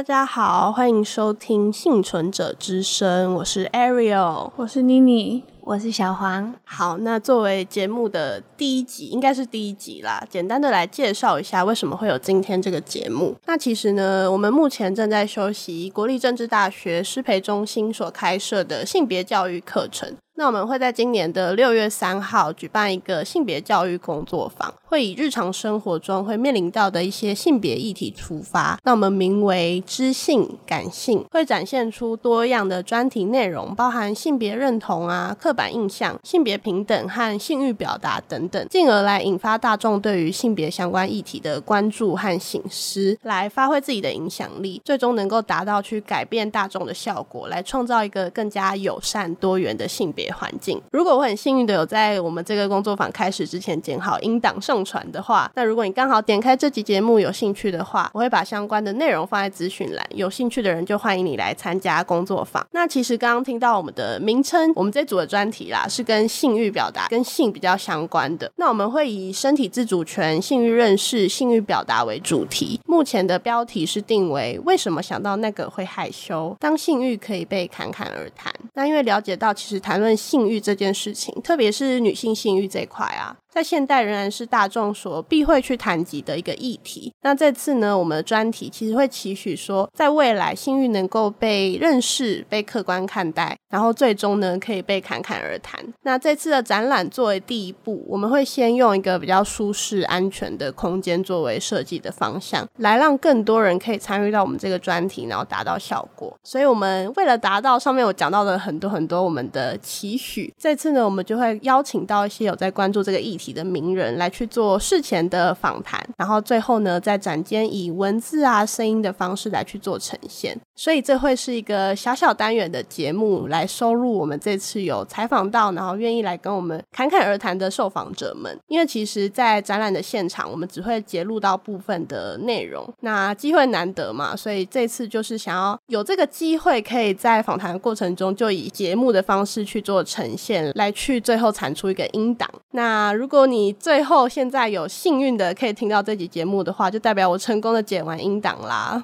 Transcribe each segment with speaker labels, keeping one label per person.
Speaker 1: 大家好，歡迎收聽《性存者之聲》，我是 Ariel，我是 Ariel，我是妮妮，我是小黃。好，那作為節目的第一集，應該是第一集啦，簡單的來介紹一下為什麼會有今天這個節目。那其實呢，我們目前正在修習國立政治大學師培中心所開設的性別教育課程。那我們會在今年的六月三號舉辦一個性別教育工作坊，會以日常生活中會面臨到的一些性別議題出發。那我們名為知性感性，會展現出多樣的專題內容，包含性別認同啊、刻板印象、性別平等和性欲表達等等，進而來引發大眾對於性別相關議題的關注和省思，來發揮自己的影響力，最終能夠達到去改變大眾的效果，來創造一個更加友善多元的性別。環境。如果我很幸運的有在我們這個工作坊開始之前剪好音檔上傳的話，那如果你剛好點開這集節目有興趣的話，我會把相關的內容放在資訊欄。有興趣的人就歡迎你來參加工作坊。那其實剛剛聽到我們的名稱，我們這組的專題啦是跟性欲表達跟性比較相關的。那我們會以身體自主權、性欲認識、性欲表達為主題。目前的標題是定為“為什麼想到那個會害羞？當性欲可以被侃侃而談”。那因為了解到，其實談論性欲這件事情，特別是女性性欲這一塊啊，在現代仍然是大眾所避諱去談及的一個議題。那這次呢，我們的專題其實會期許說，在未來性欲能夠被認識、被客觀看待，然後最終呢，可以被侃侃而談。那這次的展覽作為第一步，我們會先用一個比較舒適、安全的空間作為設計的方向，來讓更多人可以參與到我們這個專題，然後達到效果。所以，我們為了達到上面我講到的。很多很多我們的期許，這次呢，我們就會邀請到一些有在關注這個議題的名人來去做事前的訪談，然後最後呢，在展間以文字啊、聲音的方式來去做呈現。所以這會是一個小小單元的節目來收錄我們這次有採訪到，然後願意來跟我們侃侃而談的受訪者們。因為其實，在展覽的現場，我們只會揭露到部分的內容。那機會難得嘛，所以這次就是想要有這個機會，可以在訪談的過程中就。以節目的方式去做呈現，來去最後產出一個音檔。那如果你最後現在有幸運的，可以聽到這集節目的話，就代表我成功的剪完音檔啦。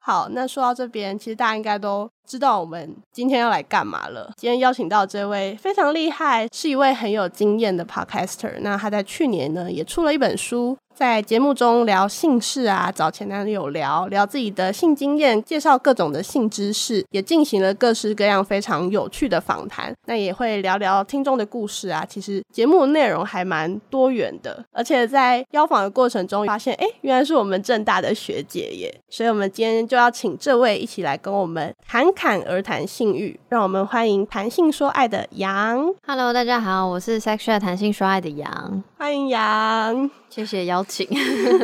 Speaker 1: 好，那說到這邊，其實大家應該都知道我們今天要來幹嘛了？今天邀請到這位非常厲害，是一位很有經驗的 podcaster。那她在去年呢也出了一本書，在節目中聊性事啊，找前男友聊聊自己的性經驗，介紹各種的性知識，也進行了各式各樣非常有趣的訪談。那也會聊聊聽眾的故事啊。其實節目內容還蠻多元的，而且在邀訪的過程中發現，哎、欸，原來是我們政大的學姐耶。所以，我們今天就要請這位一起來跟我們談。侃而談性
Speaker 2: 欲，讓我們歡迎談性說愛的揚。Hello，大家好，我是 Sex Chat 談性說愛的揚，歡迎揚，謝謝邀請。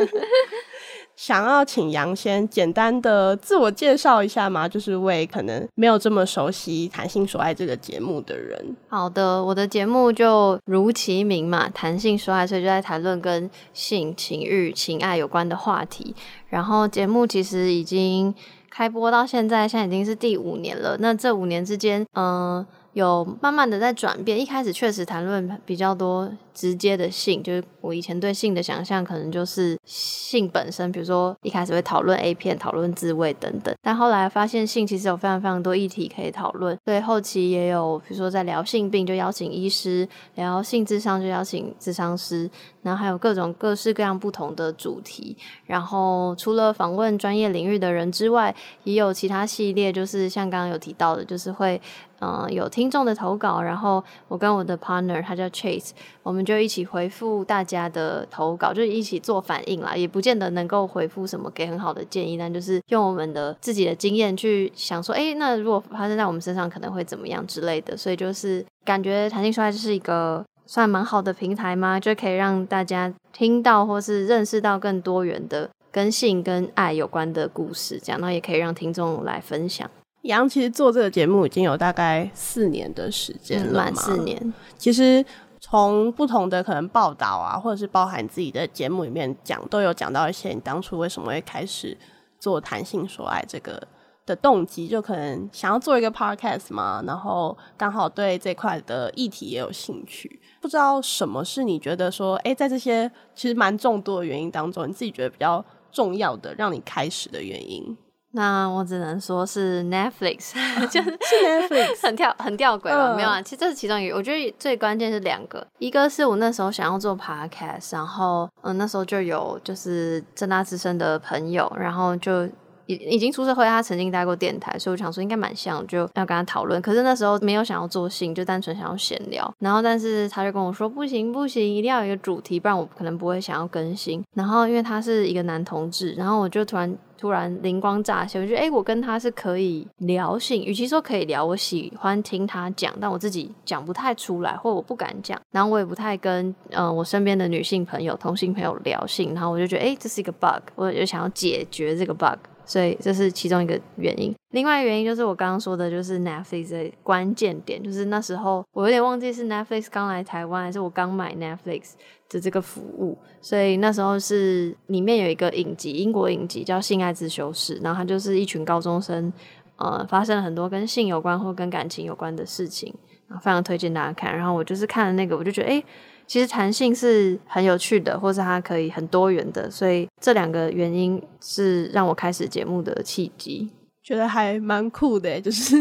Speaker 2: 想
Speaker 1: 要請揚先簡單的自我介紹一下嘛，就是為可能沒有這麼熟
Speaker 2: 悉談性說愛這個節目的人。好的，我的節目就如其名嘛，談性說愛，所以就在談論跟性、情欲、情愛有關的話題。然後節目其實已經。開播到現在，現在已經是第五年了。那這五年之間，嗯，有慢慢的在轉變。一開始確實談論比較多。直接的性就是我以前對性的想象，可能就是性本身，比如說一開始會討論 A 片、討論自慰等等。但後來發現性其實有非常非常多議題可以討論，所以後期也有，比如說在聊性病就邀請醫師，聊性諮商就邀請諮商師，然後還有各種各式各樣不同的主題。然後除了訪問專業領域的人之外，也有其他系列，就是像剛剛有提到的，就是會嗯有聽眾的投稿。然後我跟我的 partner 他叫 Chase，我們。就一起回復大家的投稿，就一起做反應啦，也不見得能夠回覆什麼給很好的建議，但就是用我們的自己的經驗去想說，哎、欸，那如果發生在我們身上，可能會怎麼樣之類的。所以就是感覺彈性出來就是一個算蠻好的平台嘛，就可以讓大家聽到或是認識到更多元的跟性跟愛有關的故事這樣，然後也可以讓聽眾來分享。楊其實做這個節目已經有大概
Speaker 1: 四年的時間了、嗯、四年，
Speaker 2: 其實，從不同
Speaker 1: 的可能報道啊，或者是包含自己的節目裡面講，都有講到一些你當初為什麼會開始做談性說愛這個的動機，就可能想要做一個 podcast 嘛，然後剛好對這塊的議題也有興趣。不知道什麼是你覺得說，誒，在這些其實蠻眾多的原因當中，你自己覺得比較重要的，讓你開始的原因。
Speaker 2: 那我只能說是 Netflix，就 是 Netflix 很跳很吊詭吧，oh. 沒有啊。其實這是其中一個，我覺得最關鍵是兩個，一個是我那時候想要做 podcast，然後嗯那時候就有就是政大之聲的朋友，然後就。已已經出社會，他曾經待過電台，所以我想說應該蠻像，我就要跟他討論。可是那時候沒有想要做性，就單純想要閒聊。然後，但是他就跟我說不行不行，一定要有一個主題，不然我可能不會想要更新。然後，因為他是一個男同志，然後我就突然突然靈光乍現，我就覺得哎、欸，我跟他是可以聊性，與其說可以聊，我喜歡聽他講，但我自己講不太出來，或者我不敢講。然後我也不太跟嗯、呃、我身邊的女性朋友、同性朋友聊性。然後我就覺得哎、欸，這是一個 bug，我就想要解決這個 bug。所以這是其中一個原因，另外一個原因就是我剛剛說的，就是 Netflix 的關鍵點，就是那時候我有點忘記是 Netflix 剛來台灣，還是我剛買 Netflix 的這個服務，所以那時候是裡面有一個影集，英國影集叫《性愛自修室》，然後它就是一群高中生，呃，發生了很多跟性有關或跟感情有關的事情，然後非常推薦大家看。然後我就是看了那個，我就覺得，哎。其實彈性是很有趣的，或是它可以很多元的，所以這兩個原因是讓我開始節目的契機。
Speaker 1: 覺得還蠻酷的耶，就是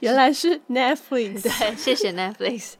Speaker 1: 原來是 Netflix，對， 謝謝 Netflix。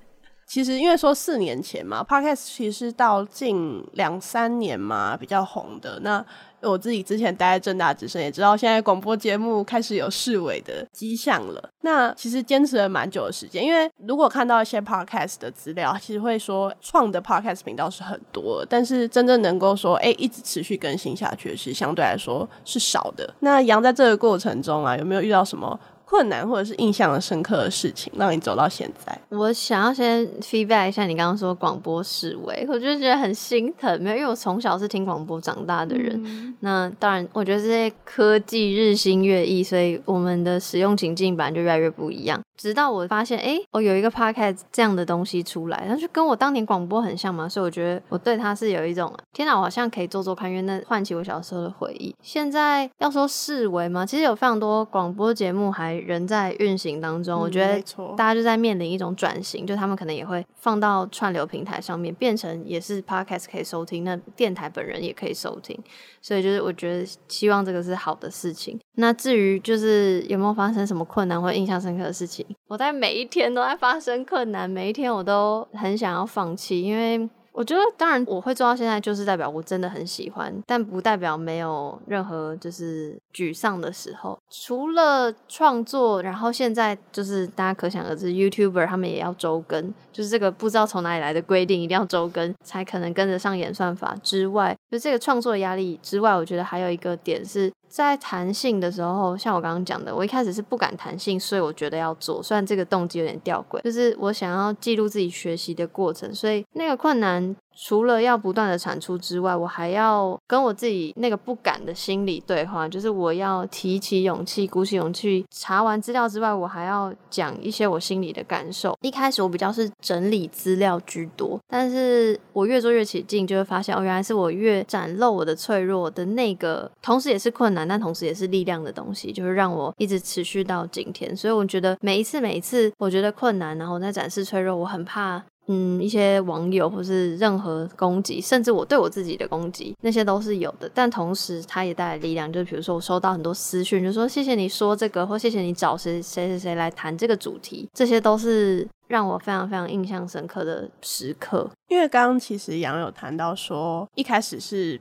Speaker 1: 其實，因為說四年前嘛，podcast 其實到近兩三年嘛比較紅的。那我自己之前待在政大之聲也知道現在廣播節目開始有式微的跡象了。那其實堅持了蠻久的時間，因為如果看到一些 podcast 的資料，其實會說創的 podcast 頻道是很多，但是真正能夠說哎、欸、一直持續更新下去的是，是相對來說是少的。那楊在這個過程中啊，有沒有遇到什麼？
Speaker 2: 困難或者是
Speaker 1: 印象深刻的事情，讓你走到現在。
Speaker 2: 我想要先 feedback 一下你剛剛說廣播式微，我就覺得很心疼，沒有，因為我從小是聽廣播長大的人。嗯、那當然，我覺得這些科技日新月異，所以我們的使用情境本來就越來越不一樣。直到我發現，哎、欸，我有一個 podcast 這樣的東西出來，那就跟我當年廣播很像嘛，所以我覺得我對它是有一種，天吶，我好像可以做做看，因為那喚起我小時候的回憶。現在要說式微嗎？其實有非常多廣播節目還。人在運行當中，嗯，我覺得大家就在面臨一種轉型，嗯，就他們可能也會放到串流平台上面，變成也是 podcast 可以收聽，那電台本人也可以收聽，所以就是我覺得希望這個是好的事情。那至於就是有沒有發生什麼困難或印象深刻的事情？我在每一天都在發生困難，每一天我都很想要放棄，因為。我覺得，當然我會做到現在，就是代表我真的很喜歡，但不代表沒有任何就是沮喪的時候。除了創作，然後現在就是大家可想而知，YouTuber 他們也要周更，就是這個不知道從哪裡來的規定，一定要周更才可能跟得上演算法之外，就這個創作壓力之外，我覺得還有一個點是。在談性的時候，像我剛剛講的，我一開始是不敢談性，所以我覺得要做，雖然這個動機有點吊詭，就是我想要記錄自己學習的過程，所以那個困難。除了要不斷的產出之外，我還要跟我自己那個不敢的心理對話，就是我要提起勇氣，鼓起勇氣查完資料之外，我還要講一些我心裡的感受。一開始我比較是整理資料居多，但是我越做越起勁，就會發現哦，原來是我越展露我的脆弱的那個，同時也是困難，但同時也是力量的東西，就是讓我一直持續到今天。所以我覺得每一次，每一次我覺得困難，然後我在展示脆弱，我很怕。嗯，一些網友或是任何攻擊，甚至我對我自己的攻擊，那些都是有的。但同時，它也帶來力量，就比如說我收到很多私訊，就說謝謝你說這個，或謝謝你找誰誰誰誰來談這個主題，這些都是讓我非常非常印象深刻的時刻。因為剛剛
Speaker 1: 其實楊有談到說，一開始是。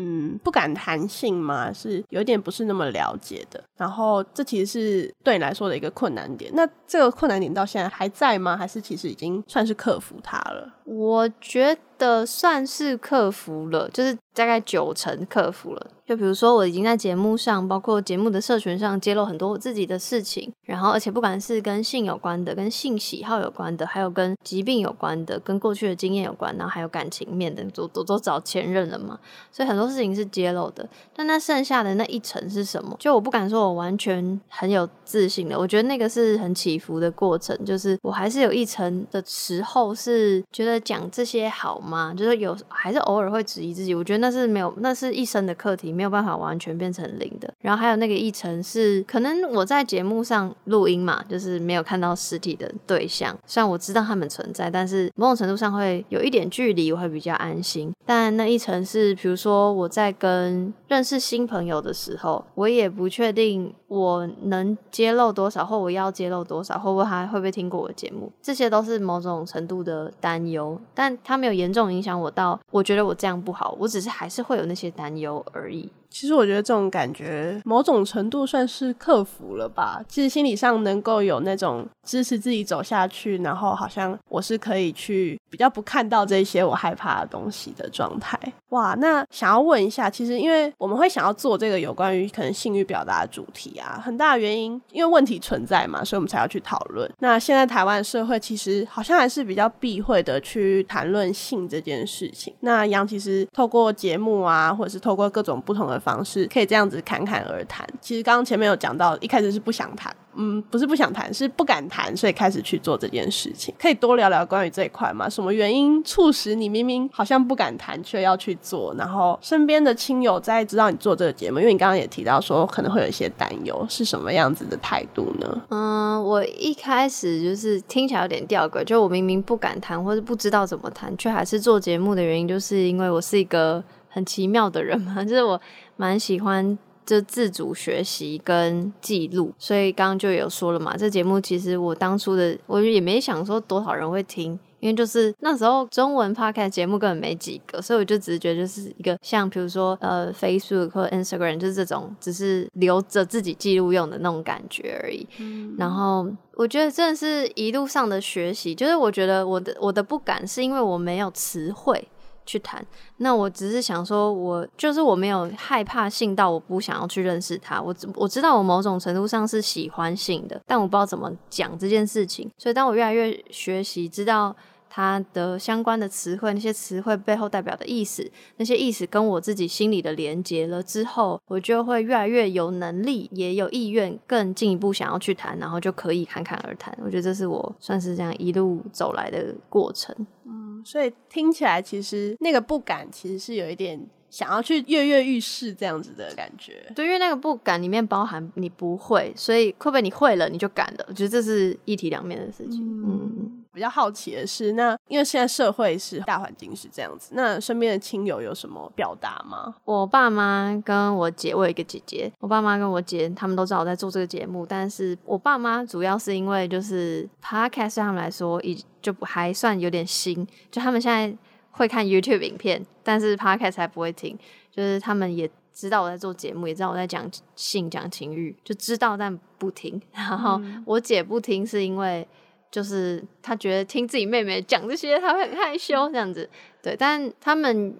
Speaker 1: 嗯，不敢談性嗎？是有點不是那麼了解的，然後這其實是對你來說的一個困難點。那這個困難點
Speaker 2: 到現在還在嗎？還是其實已經算是克服它了？我覺得。的算是克服了，就是大概九成克服了。就比如說，我已經在節目上，包括節目的社群上，揭露很多我自己的事情。然後，而且不管是跟性有關的、跟性喜好有關的，還有跟疾病有關的、跟過去的經驗有關，然後還有感情面的，都都都找前任了嘛。所以很多事情是揭露的，但那剩下的那一層是什麼？就我不敢說我完全很有自信的，我覺得那個是很起伏的過程。就是我還是有一層的時候，是覺得講這些好嗎？嘛，就是有還是偶爾會質疑自己，我覺得那是沒有，那是一生的課題，沒有辦法完全變成零的。然後還有那個一層是，可能我在節目上錄音嘛，就是沒有看到實體的對象，雖然我知道他們存在，但是某種程度上會有一點距離，我會比較安心。但那一層是，比如說我在跟認識新朋友的時候，我也不確定。我能揭露多少，或我要揭露多少，會不會他會不會聽過我的節目，這些都是某種程度的擔憂，但他沒有嚴重影響我到，我覺得我這樣不好，我只是還是會有那些擔憂而已。其實我覺得這種
Speaker 1: 感覺某種程度算是克服了吧。其實心理上能夠有那種支持自己走下去，然後好像我是可以去比較不看到這些我害怕的東西的狀態。哇，那想要問一下，其實因為我們會想要做這個有關於可能性慾表達的主題啊，很大的原因，因為問題存在嘛，所以我們才要去討論。那現在台灣社會其實好像還是比較避諱的去談論性這件事情。那楊其實透過節目啊，或者是透過各種不同的。方式可以這樣子侃侃而談。其實剛剛前面有講到，一開始是不想談，嗯，不是不想談，是不敢談，所以開始去做這件事情。可以多聊聊關於這一塊嗎？什麼原因促使你明明好像不敢談，却要去做？然後身邊的親友在知道你做這個節目，因為你剛剛也提到說可能會有一些擔憂，是什麼樣子的態度呢？嗯、
Speaker 2: 呃，我一開始就是聽起來有點吊詭，就我明明不敢談或是不知道怎麼談，却還是做節目的原因，就是因為我是一個很奇妙的人嘛，就是我。蠻喜歡就自主學習跟記錄，所以剛剛就有說了嘛，這節目其實我當初的我也沒想說多少人會聽，因為就是那時候中文 podcast 節目根本沒幾個，所以我就只是覺得就是一個像比如說呃，Facebook 或 Instagram 就是這種，只是留着自己記錄用的那種感覺而已。嗯。然後我覺得真的是一路上的學習，就是我覺得我的我的不敢是因為我沒有詞彙。去談，那我只是想說我，我就是我沒有害怕性到我不想要去認識他。我我知道我某種程度上是喜歡性的，但我不知道怎麼講這件事情。所以當我越來越學習，知道。它的相關的詞彙，那些詞彙背後代表的意思，那些意思跟我自己心裡的連接了之後，我就會越來越有能力，也有意願，更進一步想要去談，然後就可以侃侃而談。我覺得這是我算是這樣一路走來的過程。嗯，所以聽起來
Speaker 1: 其實那個不敢，其實是有一點想要去躍躍欲試這樣子的感覺。
Speaker 2: 對，因為那個不敢裡面包含你不會，所以會不會你會了你就敢了？我覺得這是一體兩面的事情。嗯。嗯比較好奇的是，那因為現在社會是大環境是這樣子，那身邊的親友有什麼表達嗎？我爸媽跟我姐，我有一個姐姐，我爸媽跟我姐，他們都知道我在做這個節目，但是我爸媽主要是因為就是 Podcast 對他們來說已就還算有點新，就他們現在會看 YouTube 影片，但是 Podcast 還不會聽，就是他們也知道我在做節目，也知道我在講性講情欲，就知道但不聽。然後我姐不聽是因為。就是他覺得聽自己妹妹講這些，他會很害羞這樣子，對。但他們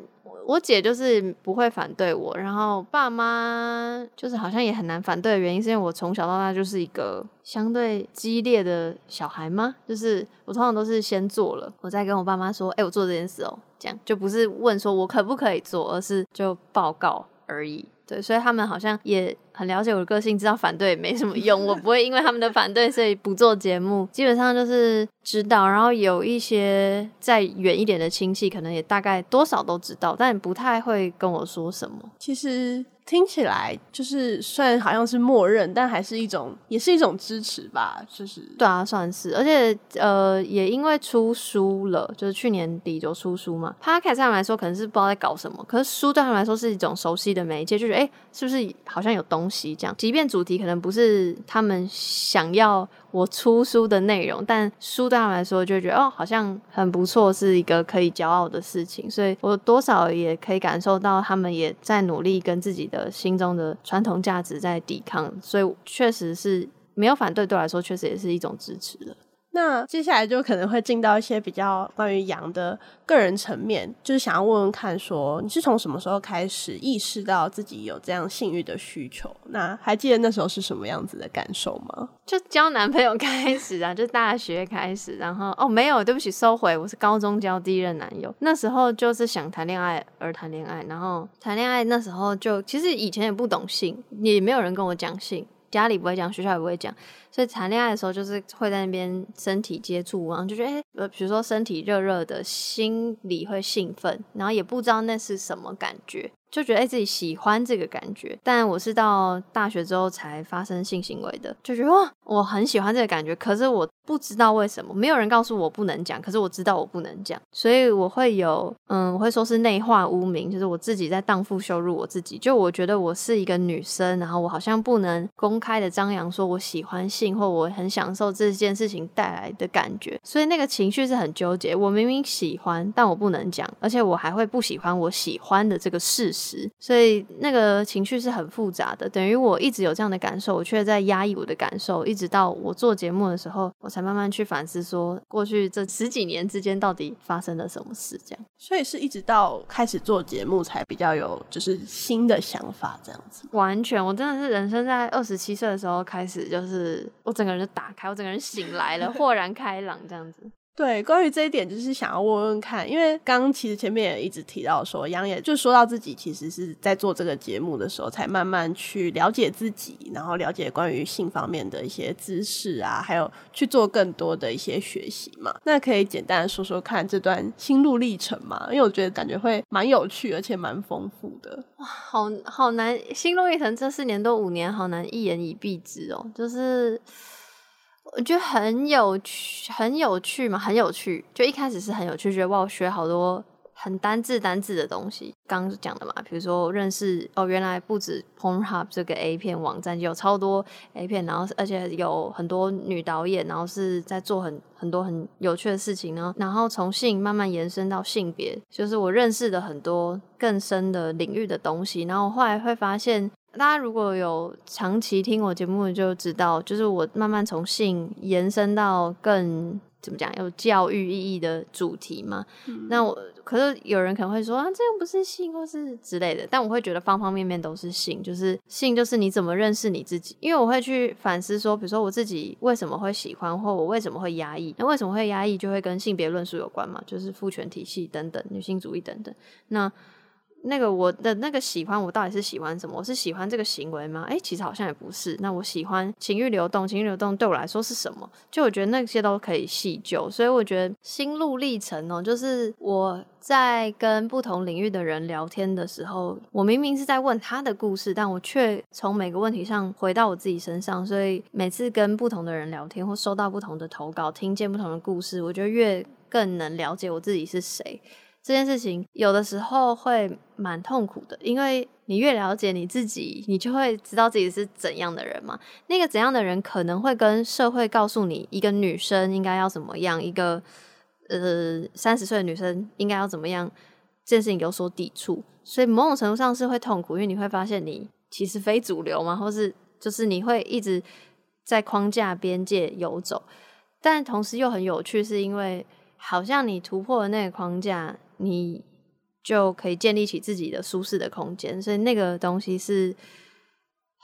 Speaker 2: 我姐就是不會反對我，然後爸媽就是好像也很難反對的原因，是因為我從小到大就是一個相對激烈的小孩嗎？就是我通常都是先做了，我再跟我爸媽說：“哎，我做這件事哦。”這樣就不是問說我可不可以做，而是就報告而已。對，所以他們好像也。很了解我的個性，知道反對也沒什麼用，我不會因為他們的反對所以不做節目。 基本上就是知道，然後有一些再遠一點的親戚，可能也大概多少都知道，但不太會跟我說什麼。其實聽起來
Speaker 1: 就是雖然好像是默認，但還是一種，也是一種支持吧。就是
Speaker 2: 對啊，算是，而且呃，也因為出書了，就是去年底就出書嘛。Podcast 上來說，可能是不知道在搞什麼，可是書對他們來說是一種熟悉的媒介，就覺得哎、欸，是不是好像有東。即便主題可能不是他們想要我出書的內容，但書對他們來說就覺得哦，好像很不錯，是一個可以驕傲的事情。所以，我多少也可以感受到他們也在努力跟自己的心中的傳統價值在抵抗。所以，確實是沒有反對，對我來說，確實也是一種支持的。
Speaker 1: 那接下來就可能會進到一些比較關於揚的個人層面，就是想要問問看，說你是從什麼時候開始意識到自己有這樣性欲的
Speaker 2: 需求？那還記得那時候是
Speaker 1: 什麼樣子的感受嗎？
Speaker 2: 就交男朋友開始啊，就大學開始，然後哦，沒有，對不起，收回，我是高中交第一任男友，那時候就是想談戀愛而談戀愛，然後談戀愛那時候就其實以前也不懂性，也沒有人跟我講性。家裡不會講，學校也不會講，所以談戀愛的時候就是會在那邊身體接觸，然後就覺得誒呃，欸，比如說身體熱熱的，心裡會興奮，然後也不知道那是什麼感覺，就覺得，欸，自己喜歡這個感覺。但我是到大學之後才發生性行為的，就覺得哇，我很喜歡這個感覺，可是我，不知道為什麼，沒有人告訴我不能講，可是我知道我不能講，所以我會有，嗯，我會說是內化污名，就是我自己在蕩婦羞辱我自己。就我覺得我是一個女生，然後我好像不能公開的張揚說我喜歡性或我很享受這件事情帶來的感覺，所以那個情緒是很糾結。我明明喜歡，但我不能講，而且我還會不喜歡我喜歡的這個事實，所以那個情緒是很複雜的。等於我一直有這樣的感受，我卻在壓抑我的感受，一直到我做節目的時候，我才。才慢慢去反思，說過去這十幾年之間到底發生了什麼事，這樣。所以是一直到開始做節目才比較有，就是新的想法，這樣子嗎？完全，我真的是人生在二十七歲的時候開始，就是我整個人就打開，我整個人醒來了， 豁然開朗，這樣子。
Speaker 1: 對，關於這一點，就是想要問問看，因為剛剛其實前面也一直提到說，楊也就說到自己其實是在做這個節目的時候，才慢慢去了解自己，然後了解關於性方面的一些知識啊，還有去做更多的一些學習嘛。那可以簡單的說說看這段心路歷程嘛？因為我
Speaker 2: 覺得感覺會蠻有趣，而且蠻豐富的。哇，好好難，心路歷程這四年多五年，好難一言以蔽之哦，就是。我覺得很有趣，很有趣嘛，很有趣。就一開始是很有趣，覺得哇，我學好多很單字單字的東西。剛剛講的嘛，比如說我認識哦，原來不只 Pornhub 這個 A 片網站有超多 A 片，然後而且有很多女導演，然後是在做很很多很有趣的事情呢。然後從性慢慢延伸到性別，就是我認識的很多更深的領域的東西。然後我後來會發現。大家如果有長期聽我節目，就知道，就是我慢慢從性延伸到更怎麼講有教育意義的主題嘛。嗯、那我可是有人可能會說啊，這又不是性，或是之類的。但我會覺得方方面面都是性，就是性就是你怎麼認識你自己。因為我會去反思說，比如說我自己為什麼會喜歡，或我為什麼會壓抑？那為什麼會壓抑，就會跟性別論述有關嘛，就是父權體系等等，女性主義等等。那那個我的那個喜歡，我到底是喜歡什麼？我是喜歡這個行為嗎？誒，其實好像也不是。那我喜歡情慾流動，情慾流動對我來說是什麼？就我覺得那些都可以細究。所以我覺得心路歷程哦，就是我在跟不同領域的人聊天的時候，我明明是在問他的故事，但我卻從每個問題上回到我自己身上。所以每次跟不同的人聊天，或收到不同的投稿，聽見不同的故事，我覺得越更能了解我自己是誰。這件事情有的時候會蠻痛苦的，因為你越了解你自己，你就會知道自己是怎樣的人嘛。那個怎樣的人可能會跟社會告訴你，一個女生應該要怎麼樣，一個呃三十歲的女生應該要怎麼樣，這件事情有所抵觸。所以某種程度上是會痛苦，因為你會發現你其實非主流嘛，或是就是你會一直在框架邊界遊走，但同時又很有趣，是因為好像你突破了那個框架。你就可以建立起自己的舒適的空間，所以那個東西是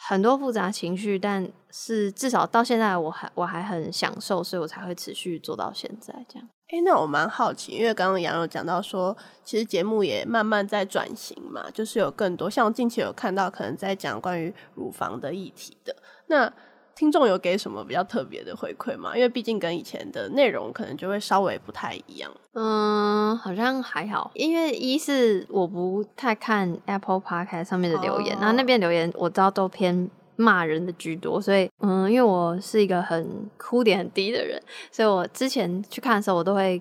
Speaker 2: 很多複雜情緒，但是至少到現在我還我還很享受，所以我才會持續做到現在這樣。誒、欸，那我蠻好奇，因為剛剛楊有講到說，其
Speaker 1: 實節目也慢慢在轉型嘛，就是有更多像我近期有看到可能在講關於乳房的議題的那。聽眾有給什麼比較特別的回饋嗎？因為畢竟跟以前的內容可能就會稍微不太一樣。
Speaker 2: 嗯，好像還好，因為一是我不太看 Apple Podcast 上面的留言，oh. 然後那邊留言我知道都偏罵人的居多，所以嗯，因為我是一個很哭點很低的人，所以我之前去看的時候，我都會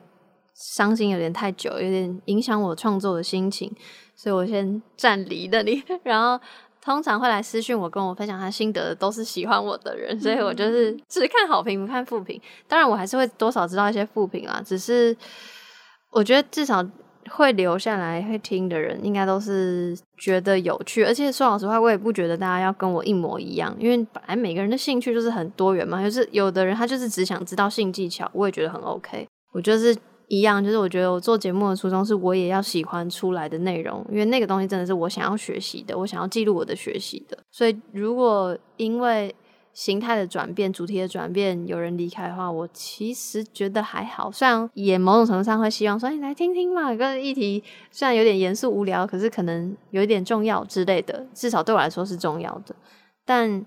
Speaker 2: 傷心有點太久，有點影響我創作的心情，所以我先暫離那裡，然後。通常會來私訊我，跟我分享他心得的都是喜歡我的人，所以我就是只看好評不看負評。當然，我還是會多少知道一些負評啊，只是我覺得至少會留下來會聽的人，應該都是覺得有趣。而且說老實話，我也不覺得大家要跟我一模一樣，因為本來每個人的興趣就是很多元嘛，就是有的人他就是只想知道性技巧，我也覺得很 OK。我就是。一樣，就是我覺得我做節目的初衷是，我也要喜歡出來的內容，因為那個東西真的是我想要學習的，我想要記錄我的學習的。所以，如果因為形態的轉變、主題的轉變，有人離開的話，我其實覺得還好。雖然也某種程度上會希望說，你來聽聽嘛，這個議題雖然有點嚴肅無聊，可是可能有一點重要之類的，至少對我來說是重要的。但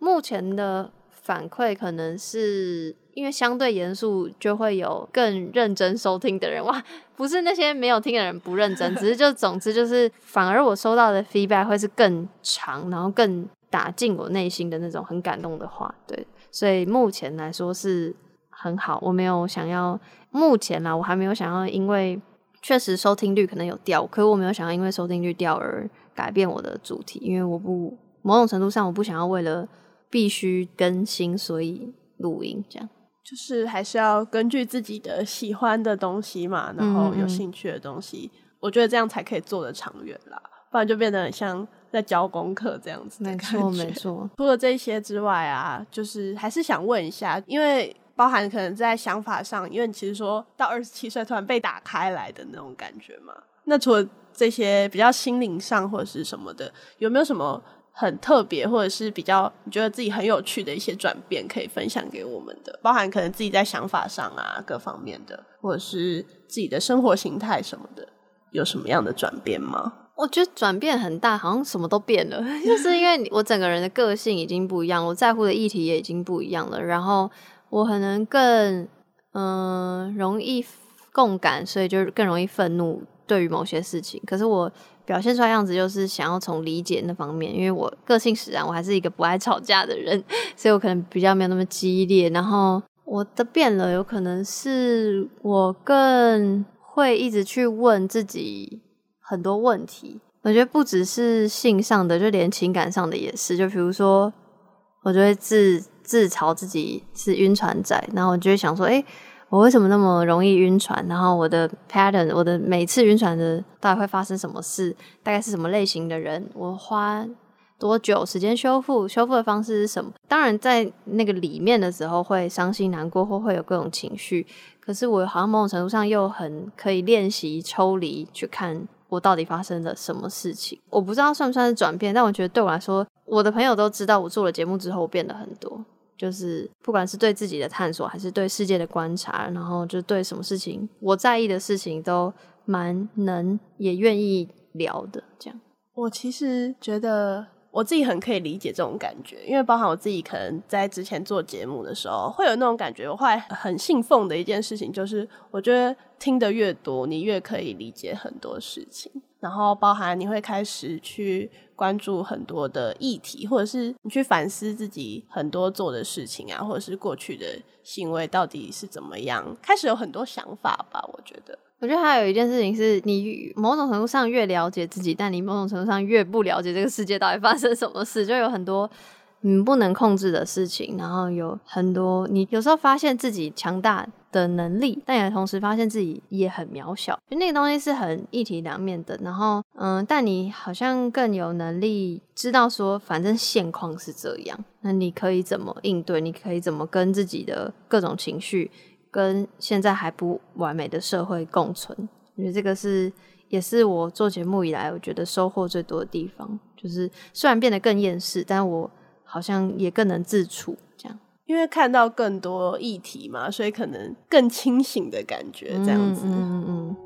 Speaker 2: 目前的反饋可能是。因為相對嚴肅，就會有更認真收聽的人哇！不是那些沒有聽的人不認真，只是就總之就是，反而我收到的 feedback 會是更長，然後更打進我內心的那種很感動的話。對，所以目前來說是很好。我沒有想要，目前呢，我還沒有想要，因為確實收聽率可能有掉，可是我沒有想要因為收聽率掉而改變我的主題，因為我不某種程度上我不想要為了必須更新所以錄音這樣。
Speaker 1: 就是還是要根據自己的喜歡的東西嘛，然後有興趣的東西，嗯嗯，我覺得這樣才可以做得長遠啦，不然就變得很像在交功課這樣子的感覺。沒錯沒錯，除了這些之外啊，就是還是想問一下，因為包含可能在想法上，因為其實說到二十七歲突然被打開來的那種感覺嘛，那除了這些比較心靈上或者是什麼的，有沒有什麼？很特別，或者是比較你覺得自己很有趣的一些轉變，可以分享給我們的，包含可能自己在
Speaker 2: 想法上啊，各方面的，或者是自己的生活形態什麼的，
Speaker 1: 有什麼樣的轉變嗎？
Speaker 2: 我覺得轉變很大，好像什麼都變了，就是因為我整個人的個性已經不一樣，我在乎的議題也已經不一樣了，然後我可能更嗯、呃、容易共感，所以就更容易憤怒對於某些事情，可是我。表現出來樣子就是想要從理解那方面，因為我個性使然，我還是一個不愛吵架的人，所以我可能比較沒有那麼激烈。然後我的變了，有可能是我更會一直去問自己很多問題。我覺得不只是性上的，就連情感上的也是。就比如說，我就會自自嘲自己是暈船仔，然後我就會想說，哎、欸。我為什麼那麼容易暈船？然後我的 pattern，我的每次暈船的到底會發生什麼事？大概是什麼類型的人？我花多久時間修復？修復的方式是什麼？當然，在那個裡面的時候會傷心難過，或會有各種情緒。可是我好像某種程度上又很可以練習抽離，去看我到底發生了什麼事情。我不知道算不算是轉變，但我覺得對我來說，我的朋友都知道我做了節目之後我變得很多。就是不管是對自己的探索，還是對世界的觀察，然後就對什麼事情、我在意的事情都蠻能也願意聊的。這樣，我其實覺得
Speaker 1: 我自己很可以理解這種感覺，因為包含我自己，可能在之前做節目的時候會有那種感覺，我會很信奉的一件事情，就是我覺得聽得越多，你越可以理解很多事情。然後包含你會開始去關注很多的議題，或者是你去反思自己很多做的事情啊，或者是過去的行為到底是怎麼樣，開始有很多想法吧，我覺得。
Speaker 2: 我覺得還有一件事情是你某種程度上越了解自己，但你某種程度上越不了解這個世界到底發生什麼事，就有很多。嗯，不能控制的事情，然後有很多。你有時候發現自己強大的能力，但也同時發現自己也很渺小。就那個東西是很一體兩面的。然後，嗯，但你好像更有能力知道說，反正現況是這樣，那你可以怎麼應對？你可以怎麼跟自己的各種情緒，跟現在還不完美的社會共存？我覺得這個是也是我做節目以來，我覺得收穫最多的地方。就是雖然變得更厭世，但我。好像也更能自處，這樣，
Speaker 1: 因為看到更多議題嘛，所以可能更清醒的感覺，嗯、這樣子。嗯嗯嗯